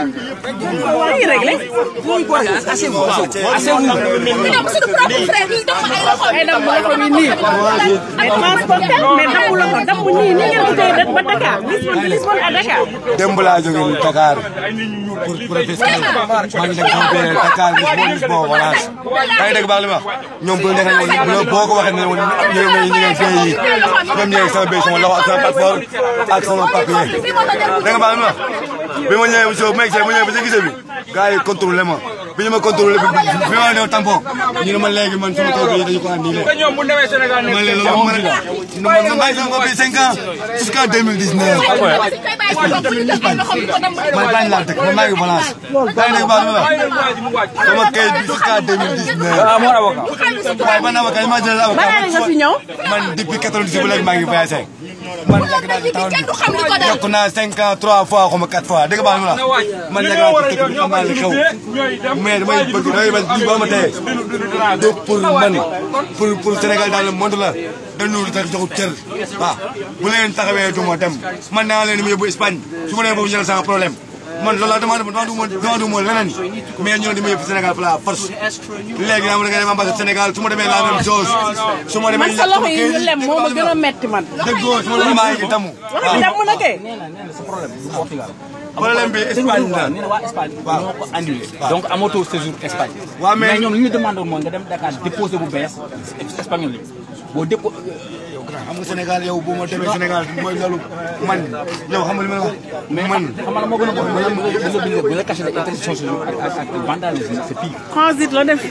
dañuy réglé. dañuy ko réglé assez vous assez vous. non parce que propre frère ñuy damm ay loxo. ay damm loxo bi nii. ay transporté mais dammu loxo damm nii nii ngeen ko jëlee ba Dakar. Lisbonne Lisbonne à Dakar. démb laa jógee Dakar pour professionnel. maa ngi nekk sama benn Dakar Lisbonne Lisbonne voilà. maa ngi dégg baax li ma wax ñoom bu ñu nekkee boo ko waxee ne woon ñu ngi ñu ngi fee yi ñoom ñooy sama béy sama loxo ak sama passeport ak sama papier dégg nga baax li ma wax bi ma ñëwee monsieur gisee ma ñëw bi si gisee bi gars yi contrôlé ma bi ñu ma contrôlé bi bi ma ne tampon ñu ne ma léegi man sama tool bi dañu ko andi leen ma leen loolu ma ne ma ne bàyyi sama bi cinq ans jusqu'en deux mille dix neuf Espagne man Espagne laa dëkk man maa ngi Valence maa ngi nekk baax ma sama kayit bi jusqu'en deux mille dix neuf waaye man avocat imagine avocat man depuis quatre-vingt-dix ba léegi maa ngi voyagé man yàgg naa ne taxaw yokk naa cinq ans trois fois xaw ma quatre fois dégg nga man yàgg naa tëkk bi xam naa li xew mais damay bëgg damay bëgg lii boo ma tee du pour man pour pour Sénégal daal monde la dañu joxu cër waaw bu leen taxawee du ma dem man naa leen mu yóbbu Espagne su ma nee foofu ñu sama problème man loola laa demandé ma demandé wu ma leneen mais ñoo di ma yóbbu Sénégal par la force léegi nag ma ne nga dem ambassade Sénégal su ma demee la même chose. su ma demee sa loxo yi ñu lem moo ma gën a metti man. dëggoo su ma demee maa ngi damm. waaw damm na kay. problème du Portugal. problème bi Espagne bi waa Espagne ñoom li ñu demandé woon nga dem Dakar déposé bu bees espagnol yi boo déposé. xam nga Sénégal yow bu ma demee Sénégal mooy loolu man yow xam nga li ma la wax. man xamal ma gën a bëgg bu la caché la intersection si ak ak vandalisme c'est pire. transit la def.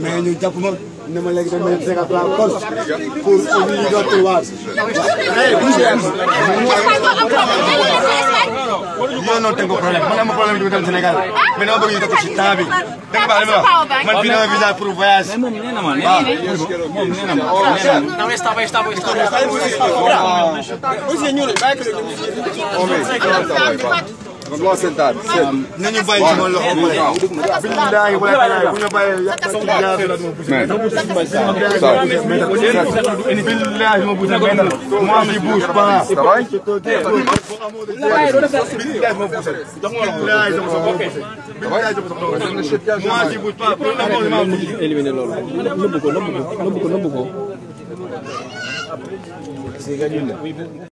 mais ñu jàpp ma. ne ma léegi dañ may fekk ak waa Golf pour pour ñu dootul waat. non non tengo problème man am problème bi mu dem Sénégal mais dama bëgg ñu def ko ci temps bi dégg nga li ma wax man fii dama visa pour voyage. moom nee na ma nee na ma waaw. loo seetaan seetlu nañu bàyyi ci ma loxo bi billahi walaay bu ñu bàyyee yàq ci ñaar billahi mo buus mo am yi buus ba billahi mo buus jox ma loxo billahi sama sama bokkee billahi sama sama bokkee mo ci buus ba pour la mo ma buus éliminer loolu nëbb ko nëbb ko nëbb ko nëbb ko